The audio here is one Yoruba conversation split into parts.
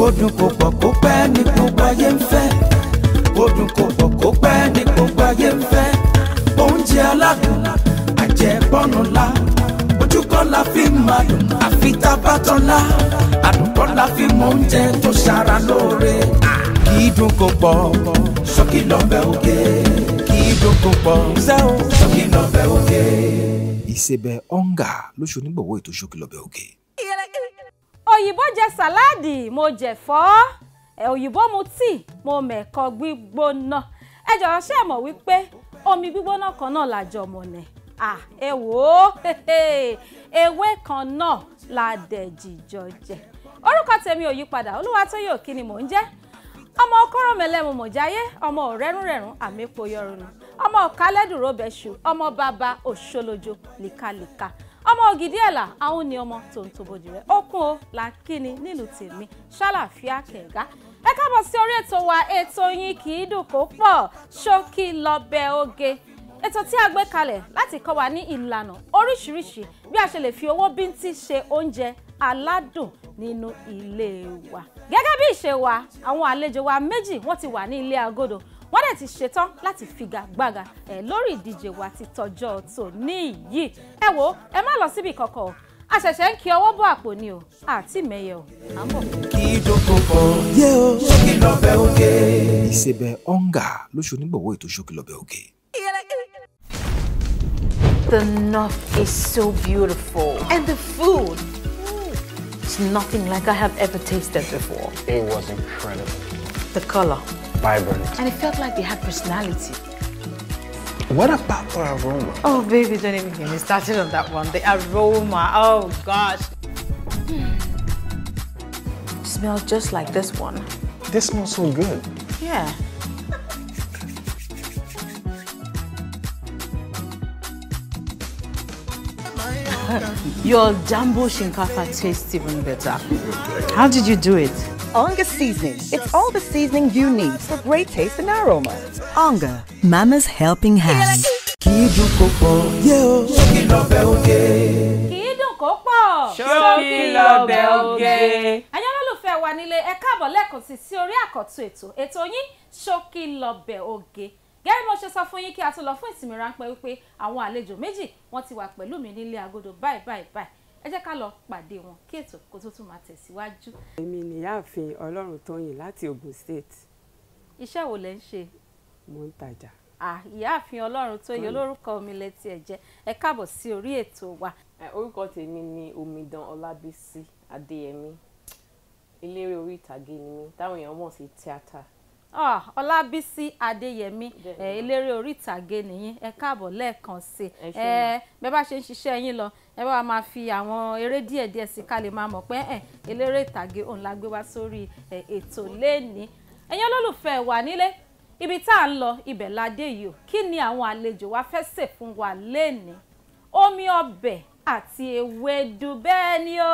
kó dùn kó pọ̀ kó pẹ́ ní gbogbo ayé ń fẹ́ kó dùn kó pọ̀ kó pẹ́ ní gbogbo ayé ń fẹ́ oúnjẹ aládùn àjẹbọ́nu la ojúkọ́ la fi máa dùn àfi tá a bá tán la àdùnkọ́ la fi mọ oúnjẹ tó ṣara lóore kì í dùn kó pọ̀ sókè lọ́bẹ̀ òkè kì í dùn kó pọ̀ sókè lọ́bẹ̀ òkè. ìsebẹ̀ ọ̀ǹgà lóṣù onígbọ̀wọ́ ètò sókè lọ́bẹ̀ òkè òyìnbó jẹ sàláàdì mo jẹ̀fọ́ òyìnbó mu tíì mo mẹ̀kọ gbígbóná ẹ jọ̀rọ̀ ṣe mọ̀ wípé omi gbígbóná kan náà làjọ mọ̀nẹ̀ à ẹ wò ó ewé kan náà la dẹ̀ jìjọ jẹ orúkọ tèmi ò yí padà Olúwatóyè Òkí ni mò ń jẹ́ ọmọ ọkọrọ mẹlẹmu mọjáyé ọmọ ọrẹrùnrẹrùn àmì epo yọrùnù ọmọ ọkálẹdùn rọbẹṣù ọmọ bàbá lika lika ọmọ ògidì ẹ̀là àwọn ni ọmọ tó ń tobojì rẹ̀ ó kún o là kíni nílùú tèmi ṣàlàfíà kẹ̀gá ẹ káàbọ̀ sí orí ètò wa ètò yín kì í dùn kó pọ̀ ṣókí lọ́bẹ̀ oge ètò tí a gbé kalẹ̀ láti kọ́ wa ní ìlànà oríṣiríṣi bí a ṣe lè fi owó bíntí ṣe oúnjẹ aládùn nínú ilé wa gẹ́gẹ́ bí ìṣe wa àwọn àlejò wa méjì wọ́n ti wà ní ilé agodo wọ́n dẹ̀ ti ṣetán láti figagbága ẹ̀ lórí ìdíje wa ti tọjọ́ tòní yìí ẹ wo ẹ má lọ síbi kankan o a ṣẹ̀ṣẹ̀ ń kí ọwọ́ bọ́ àpò ni o àti mẹ́yẹ o kí dókò pọ̀ yé o ṣókí lọ́bẹ̀ òkè. ìṣèbẹ̀ ọ̀ǹgà lóṣù onígbọ̀wọ́ ètò ṣókí lọ́bẹ̀ òkè. The north is so beautiful and the food is nothing like I have ever tasted before. It was incredible. The color. vibrant. And it felt like they had personality. What about the aroma? Oh, baby, don't even get me started on that one. The aroma, oh gosh. Mm. Smells just like this one. This smells so good. Yeah. Your jumbo shinkafa tastes even better. How did you do it? Onga seasoning. It's all the seasoning you need for great taste and aroma. Onga, Mama's helping hand. Kì í dùn kó pọ̀, yé o, ṣókí lọ́bẹ̀ oge. Kì í dùn kó pọ̀, ṣókí lọ́bẹ̀ oge. Àyàn olólùfẹ́ wa nílé ẹ káàbọ̀ lẹ́ẹ̀kan sí sí orí àkọ́tún ètò. Ètò yín ṣókí lọ́bẹ̀ oge. Gẹ́gẹ́ bí mo ṣe sọ fún yín kí a tó lọ fún ìsinmi ráńpẹ́ wípé àwọn àlejò méjì wọ́n ti wà pẹ̀lú mi nílé agodo báyìí báyìí báyìí ẹ jẹ́ ká lọ pàdé wọn kí ètò kó tó tún máa tẹ̀síwájú. èmi nìyáàfin Ọlọ́runtóyìn láti Ògùn State. iṣẹ́ wo lẹ ń ṣe? mo ń tajà. ìyáàfin Ọlọ́runtóyìn olórúkọ mi lẹ tiẹ̀ jẹ́ ẹ káàbọ̀ sí orí ètò wa. orúkọ tèmi ni omidan Ọlábísí Adéyẹmí eléré orí ìtàgé ni mí táwọn èèyàn mọ̀ sí tíátà. Ọlábísí Adéyẹmí eléré orí ìtàgé nìyí ẹ káàbọ̀ lẹ́ẹ̀kan sí i bẹ́ẹ̀ bá ṣe ń ṣiṣẹ́ yín lọ ẹ bá wa máa fi àwọn eré díẹ̀ díẹ̀ sí ká lè máa mọ̀ pé ẹ̀ eléré ìtàgé òun la gbé wá sórí ètò lẹ́ẹ̀ni ẹ̀yin olólùfẹ́ wà nílé ibi tá à ń lọ ibẹ̀ la dé yìí o kí ni àwọn àlejò wa fẹ́ sè fún wa lẹ́ẹ̀ni omi ọbẹ̀ àti ewédú bẹ́ẹ̀ ni o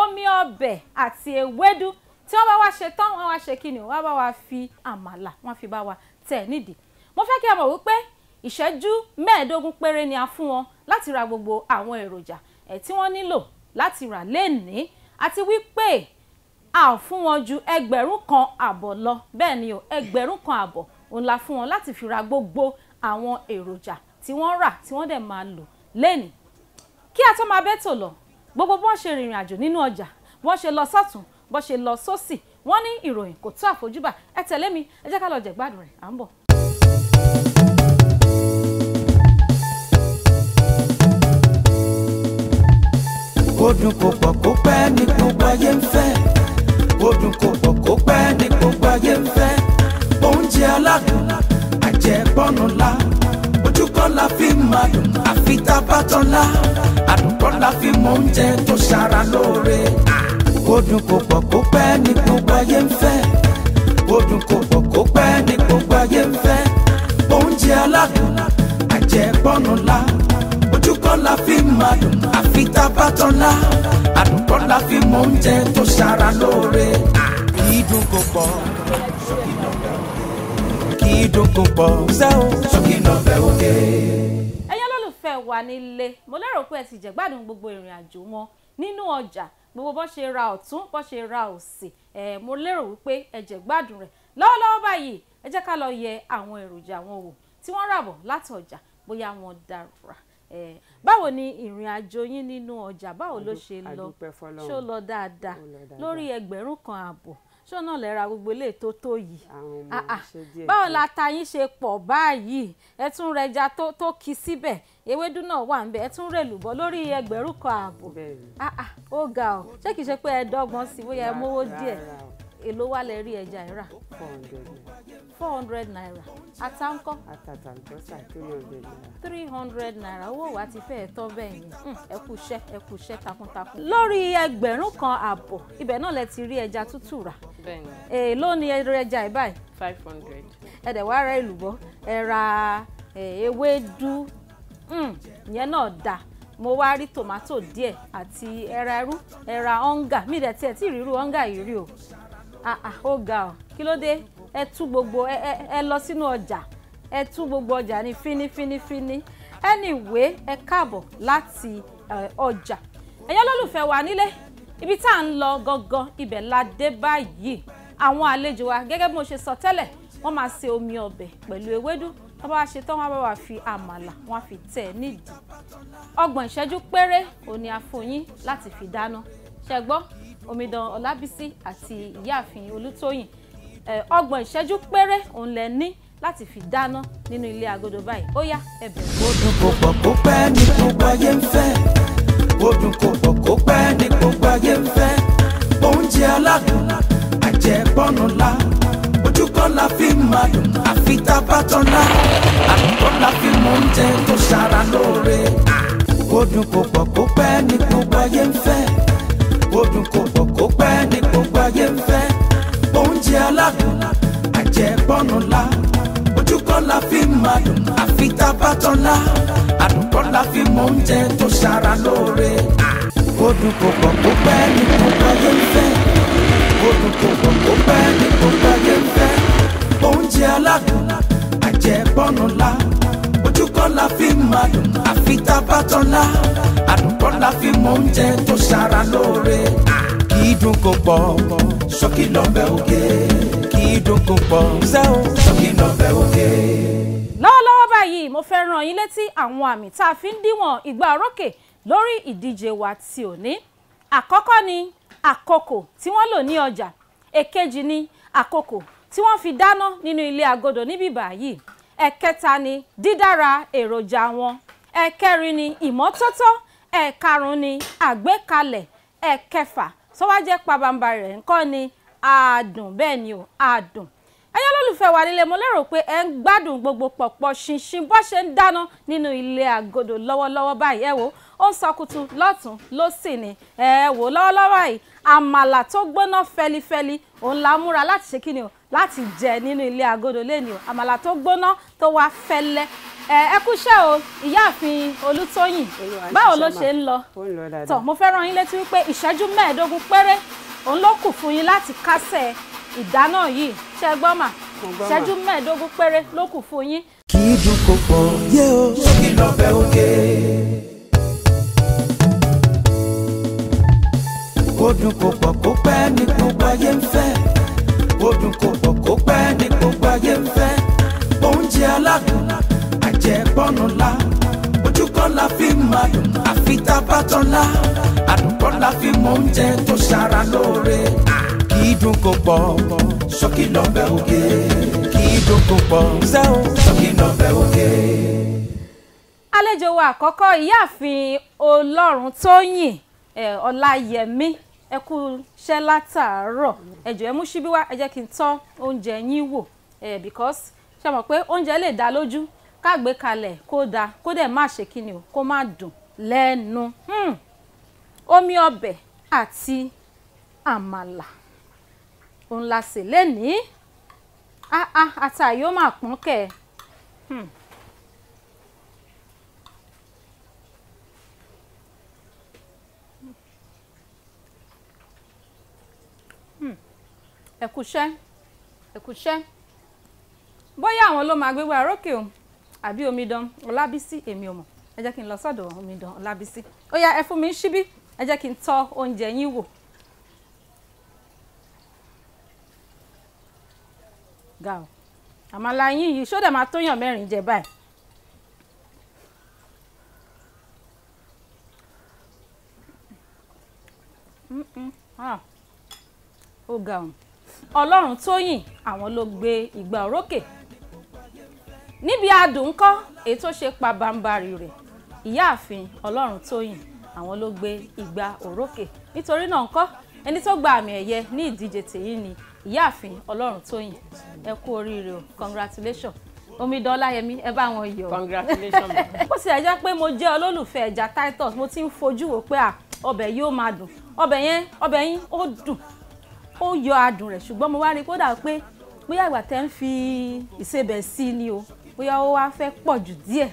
omi ọbẹ̀ àti ewédú tí wọ́n bá wá ṣe tán wọ́n wá ṣe kí ni wọ́n bá wá fi àmàlà wọ́n fi bá wa tẹ̀ nídìí mo fẹ́ kí a mọ̀ wípé ìṣẹ́jú mẹ́ẹ̀ẹ́dógún péré ni a fún wọn láti ra gbogbo àwọn èròjà ẹ̀ tí wọ́n nílò láti rà lénìí àti wípé a ò fún wọn ju ẹgbẹ̀rún kan àbọ̀ lọ bẹ́ẹ̀ ni o ẹgbẹ̀rún kan àbọ̀ òun la fún wọn láti fi ra gbogbo àwọn èròjà tí wọ́n rà tí wọ́n dẹ̀ máa lò lénìí kí a tó máa bẹ́tò lọ gbogbo bọ́n ṣe rìnrìn àjò nínú ọjà bọ́n ṣe lọ sọ́tún bọ́n ṣe lọ sósì wọ́n ní ìròyìn kò tó àfojúbà ẹ tẹ̀lé mi ẹ jẹ́ ká lọ jẹ̀gbádùn rẹ̀ à ń bọ̀. kó dùn kó pọ̀ kó pẹ́ ní gbogbo ayé ń fẹ́ kó dùn kó pọ̀ kó pẹ́ ní gbogbo ayé ń fẹ́ oúnjẹ aládùn àjẹpọ́nù la ojúkọ́ la fi máa dùn àfi tá a bá tán la àdùnkọ́ la fi mọ oúnjẹ tó ṣara lóore kó dùn kó pọ̀ kó pẹ́ ní gbogbo ayé ń fẹ́ kó dùn kó pọ̀ kó pẹ́ ní gbogbo ayé ń fẹ́ oúnjẹ aládùn àjẹpọ́nù la àdùntàn la fi máa dùn àfi tá a bá tán lá àdùntàn la fi mọ oúnjẹ tó ṣara lóore. kì í dùn kó pọ̀ kì í dùn kó pọ̀ sẹ́wọ̀n ṣókí náà fẹ́ òkè. ẹyẹ lólùfẹ́ wa nílé mo lérò pé ẹ ti jẹ̀gbádùn gbogbo ìrìn àjò wọn nínú ọjà gbogbo bó ṣe ra ọ̀tún bó ṣe ra òsì ẹ̀ mo lérò wípé ẹ jẹ̀gbádùn rẹ̀ lọ́wọ́lọ́wọ́ báyìí ẹ jẹ́ ká lọ yẹ àwọn èròjà wọn wò tí wọ́n rà bọ̀ láti ọjà bóyá wọn dára báwo ni ìrìn àjò yín nínú ọjà báwo ló ṣe lọ ṣó lọ dáadáa lórí ẹgbẹ̀rún kan ààbọ̀ ṣó náà lẹ́ra gbogbo ilé tó tó yìí ah, ah. báwo la ta yín ṣe pọ̀ báyìí ẹ tún rẹja tó kí síbẹ̀ ewédú náà wà nbẹ ẹ tún rèlùbọ́ lórí ẹgbẹ̀rún kan ààbọ̀ ah, ó ga ọ ṣé kìí ṣe pé ẹ dọ́gbọ́n sí bóyá mówó díẹ̀ èló wà lẹ rí ẹja ẹ rà. four hundred naira. four hundred naira àtàǹkọ́. àtàtàǹkọ́sà three hundred naira. three hundred naira owó wa ti fẹ́ẹ̀ tọ́ bẹ́ẹ̀ yẹn hmm, ẹ kú iṣẹ́ ẹ kú iṣẹ́ takuntakun. lórí ẹgbẹ̀rún kan ààbọ̀ ibẹ̀ náà lẹ ti rí ẹja tútù rà. bẹ́ẹ̀ni. èló ni ẹ ẹja ẹ báyìí. five hundred. ẹ dẹ̀ wá ra èlùbọ́ ẹ ra ewédú hmm, yẹn náà dáa mo wá rí tòmátò díẹ̀ àti ẹra ẹrú ẹra ọ̀ǹgà mi dẹ̀ tiẹ̀ tí ìrírú ọ̀ǹgà yìí rí o Ah, ah, ó ga ọ kí ló dé ẹ tú gbogbo ẹ lọ sínú ọjà ẹ tú gbogbo ọjà ní fínífínífíní anyway ẹ káàbọ̀ láti ọjà ẹ̀yọ́ lólùfẹ́ wa nílé ibi tá à ń lọ gangan ibẹ̀ la dé báyìí àwọn àlejò wa gẹ́gẹ́ bí mo ṣe sọ tẹ́lẹ̀ wọ́n máa se omi ọbẹ̀ pẹ̀lú ewédú tó bá ṣe tán wọ́n bá wà fi àmàlà wọ́n á fi tẹ̀ nídìí ọgbọ̀n ìṣẹ́jú péré òní àfòyín láti fi dáná ṣẹ́gbọ́n omidan ọlábísí àti ìyáàfin olútóyìn ọgbọ̀n ìṣẹ́jú péré òun lẹ ní láti fi dáná nínú ilé agodo báyìí ó yá ẹ bẹ̀rẹ̀. kò pọ̀ kó pẹ́ ní gbogbo ayé ń fẹ́ ó kò pọ̀ kó pẹ́ ní gbogbo ayé ń fẹ́ oúnjẹ aládùn àjẹpọ́nù la ojúkọ́ la fi máa dùn àfi tá a bá tán lá àtúntò la fi mú oúnjẹ tó ṣara lóore ó kò pọ̀ kó pẹ́ ní gbogbo ayé ń fẹ́ kó dùn kó pọ̀ kó pẹ́ ní gbogbo ayé ń fẹ́ oúnjẹ aládùn àjẹbọ́nu la ojúkọ́ la fi máa dùn àfi tábàtàn la àdùnkọ́ la fi mọ oúnjẹ tó ṣara lóore kó dùn kó pọ̀ kó pẹ́ ní gbogbo ayé ń fẹ́ kó dùn kó kó pẹ́ ní gbogbo ayé ń fẹ́ oúnjẹ aládùn àjẹbọ́nu la ojúkọ́ la fi máa dùn àfi tábàtàn la àdùnkọ́ la fi la fi mọ oúnjẹ tó ṣara lóore. kì í dùn kó pọ̀. ṣókí lọ́bẹ̀ oge. kì í dùn kó pọ̀. ṣókí lọ́bẹ̀ oge. lọ́wọ́lọ́wọ́ báyìí mo fẹ́ ràn yín létí àwọn àmì tá a fi ń díwọ̀n ìgbà orókè lórí ìdíje wa ti òní. àkọ́kọ́ ni àkókò tí wọ́n lò ní ọjà èkejì ni àkókò tí wọ́n fi dáná nínú ilé agodo níbí báyìí ẹ̀kẹta ni dídára èròjà wọn ẹ̀kẹrin ni ìmọ́tótó ẹ̀ẹ̀karùn-ún ni àgbékalẹ̀ ẹ̀ẹ̀kẹfà sọ́wájẹ́ pabamba rẹ̀ ńkọ́ ni àdùn bẹ́ẹ̀ ni o àdùn ẹ̀yin olólùfẹ́ wa nílé mo lérò pé ẹ ń gbádùn gbogbo pọ̀pọ̀ ṣinṣin bó ṣe ń dáná nínú ilé àgọ́dọ̀ lọ́wọ́lọ́wọ́ báyìí ẹ wo ó ń sọkùtù lọ́tún ló sì ní ẹ wò lọ́wọ́lọ́wọ́ báyìí àmàlà tó gbóná fẹlifẹli òun la múra láti ṣe kí ni o láti jẹ nínú ilé àgọ́dọ̀ lẹ́ni o àmàlà tó gbóná tó wá fẹ́lẹ́ ẹ kúṣẹ́ o ìyáàfin olútóyìn báwo ló ṣe ń lọ tọ mo fẹ́ rán yín létí wípé ìṣẹ́jú mẹ́ẹ̀ẹ́dógún péré òun ló kù fún yín láti kásẹ̀ ìdáná yìí ṣe gbọ́ mà ìṣẹ́jú mẹ́ẹ̀ẹ́dógún péré ló kù fún yín. kì í dùn kó pọ̀ yé o sókè lọ́bẹ̀ òkè. kó dùn kó pọ̀ kó pẹ́ ní gbogbo ayé ń fẹ́ kó dùn kó pọ̀ kó pẹ́ ní gbogbo ayé ń fẹ́ oúnjẹ aládùn jẹ́ bọ́nù la ojúkọ́ la fi máa dùn àfi tá a bá tán la àdùkọ́ la fi mọ oúnjẹ tó ṣara lóore. kì í dùn kó pọ̀ ṣókí lọ́bẹ̀ oge kì í dùn kó pọ̀ ṣókí lọ́bẹ̀ oge. àlejò wa àkọ́kọ́ ìyáàfin Olóruntóyìn Ọláyẹmí ẹ kú iṣẹ́ látàárọ̀ ẹ ẹ mú ṣíbí wá ẹ jẹ́ kí n tọ́ oúnjẹ yín wò because ṣe mọ̀ pé oúnjẹ lè dá lójú kágbé kalẹ̀ kó da kó dẹ̀ má ṣe kíni o kó má dùn lẹ́nu hmm. omi ọbẹ̀ àti àmàlà òun la sè lénìí áá ata yóò máa pọ́n kẹ́ hmm. hmm. ẹ. ẹkúṣẹ́ ẹkúṣẹ́ bóyá àwọn ló máa gbégbá rókè o àbí omidan ọlábísí èmi ò mọ̀ ẹ jẹ́ kí n lọ sọ́dọ̀ omidan ọlábísí ó yá ẹ fún mi ń ṣíbí ẹ jẹ́ kí n tọ́ oúnjẹ yín wò. ga o àmàlà yín yìí ṣó dẹ̀ máa tóyàn mẹ́rin jẹ báyìí. Ah. ó ga o àwọn ló gbé ìgbà orókè níbi adùn ńkọ́ èyí pa ṣe pabambarì rẹ̀ ìyáàfin ọlọ́run tóyìn àwọn ló gbé igba òrókè nítorí náà ńkọ́ ẹni tó gba àmì ẹ̀yẹ ní ìdíje tèyí ni ìyáàfin ọlọ́run tóyìn ẹ kú oríire o congratulations omidan ọláyẹmí ẹ bá wọn yọ congratulations ó sì ẹja pé mo jẹ́ olólùfẹ́ ẹja titus mo ti ń fojú wò pé ọbẹ̀ yóò máa dùn ọbẹ̀ yẹn ọbẹ̀ yín ó dùn ó yọ adùn rẹ̀ ṣùgbọ́n mo wá rí i kódà pé bóyá ìgbà tẹ́ ń fi ìsebẹ̀ sí ni o bóyá ó wá fẹ́ pọ̀ jù díẹ̀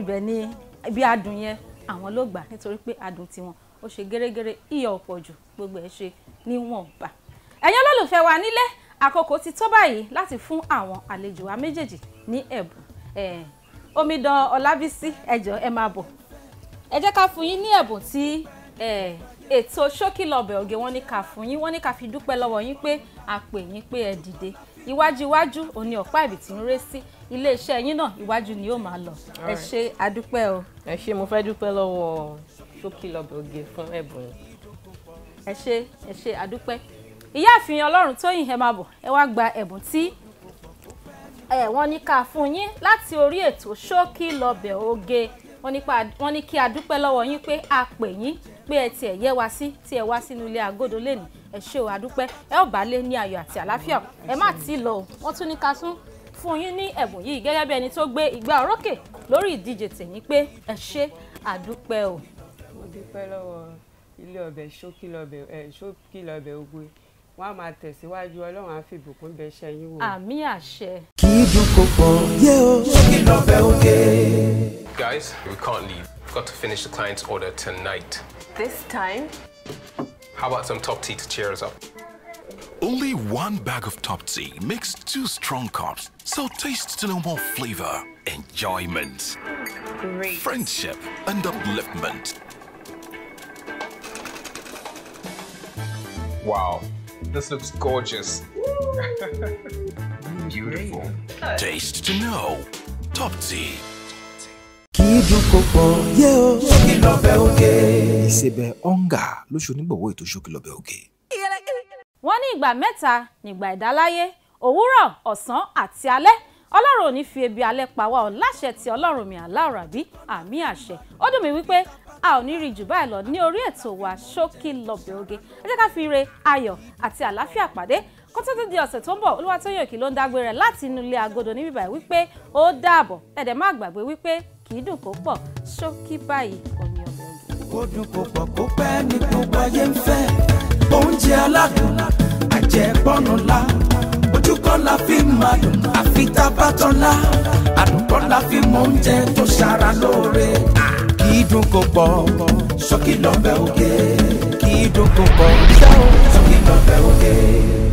ibẹ̀ ni ibi adùn yẹn àwọn ló gbà nítorí pé adùn tiwọn ó ṣe gẹ́rẹ́gẹ́rẹ́ iyọ̀ ọ̀pọ̀ jù gbogbo ẹ̀ ṣe níwọ̀nba. ẹ̀yin olólùfẹ́ wa nílé àkókò ti tó báyìí láti fún àwọn àlejò wa méjèèjì ní ẹ̀bùn omidan ọlábísí ẹjọ ẹ máa bọ̀ ẹ jẹ́ ká fún yín ní ẹ̀bùn tí ètò ṣókìlọ̀bẹ̀ ògè wọn ní ká fún yín wọ́n ní ká fi dúpẹ́ lọ́wọ́ yín pé a pè yín pé ẹ dìde iwájú iwájú òun ni ọ̀pá ìbí tí ń ré sí iléeṣẹ́ yín náà iwájú ni yóò máa lọ ẹ ṣe adúpẹ́ o. ẹ ṣe mo fẹ́ dúpẹ́ lọ́wọ́ ṣókìlọ́bì oge fún ẹ̀bùn. ẹ ṣe ẹ ṣe adúpẹ́ ìyáàfin ọlọ́run tóyìn ẹ máa bọ̀ ẹ wá gba ẹ̀bùn tí ẹ wọ́n ní ká fún yín láti orí ètò ṣókìlọ́bì oge wọ́n ní kí adúpẹ́ lọ́wọ́ yín pé a pè yín pé ẹ tiẹ̀ yẹ wá sí tí wá sínú ilé àgọ́dọ̀ lénìí ẹ ṣé o àdúpẹ́ ẹ ó bá lé ní ayọ̀ àti àlàáfíà ẹ má tí lọ o tún ní ká tún fún yín ní ẹ̀bùn yìí gẹ́gẹ́ bí ẹni tó gbé ìgbà orókè lórí ìdíje tèmi pé ẹ ṣé àdúpẹ́ o. mo dúpẹ́ lọ́wọ́ ilé ọbẹ̀ ṣókìlọbẹ̀ ogwe wọn a máa tẹ̀síwájú ọlọ́run á ìbùkún bẹ ṣe yín wò. àmì àṣẹ. kì í dùn kó yé o ṣókìlọbẹ̀ ogè. Guys, we can't leave. We've got to finish the client's order tonight. This time. How about some top tea to cheer us up? Only one bag of top tea makes two strong cups, so taste to know more flavor, enjoyment, Great. friendship, and upliftment. Wow, this looks gorgeous. Beautiful. Taste to know. Top tea. kókó yé o ṣókí lọ́bẹ̀ òkè. ìṣèbẹ̀ ọ̀ǹgà ló ṣonígbọ̀wọ́ ètò ṣókí lọ́bẹ̀ òkè. wọ́n ní ìgbà mẹ́ta nígbà ìdáláyé òwúrọ̀ ọ̀sán àti alẹ́ ọlọ́run ò ní fi ebi alẹ́ pa wá ọ láṣẹ ti ọlọ́run mi aláòràbí àmì àṣẹ ó dùn mí wípé a ò ní rí jù báyìí lọ ní orí ètò wa ṣókí lọ́bẹ̀ òkè ẹ jẹ́ ká fi ire ayọ̀ àti àlàáfíà pàdé kó tó tó di ọ̀sẹ̀ tó ń bọ̀ Olúwatóyìn Òkì ló ń dágbére láti inú ilé agodo níbí báyìí wípé ó dàbọ̀ ẹ̀dẹ̀ má gbàgbé wípé kì í dùn kó pọ̀ ṣókí báyìí kò ní ọbẹ̀ ògì. kó dùn kó pọ̀ kó pẹ́ ní gbogbo ayé ń fẹ́ oúnjẹ aládùn àjẹgbọ́nù la ojúkọ́ la fi máa dùn àfi tá a bá tán la àdùnkọ́ la fi mọ oúnjẹ tó ṣara lóore kì í dùn kó pọ̀ ṣókí lọ́bẹ̀ ògè kì í dùn kó pọ̀ ṣókí lọ́bẹ̀ ògè.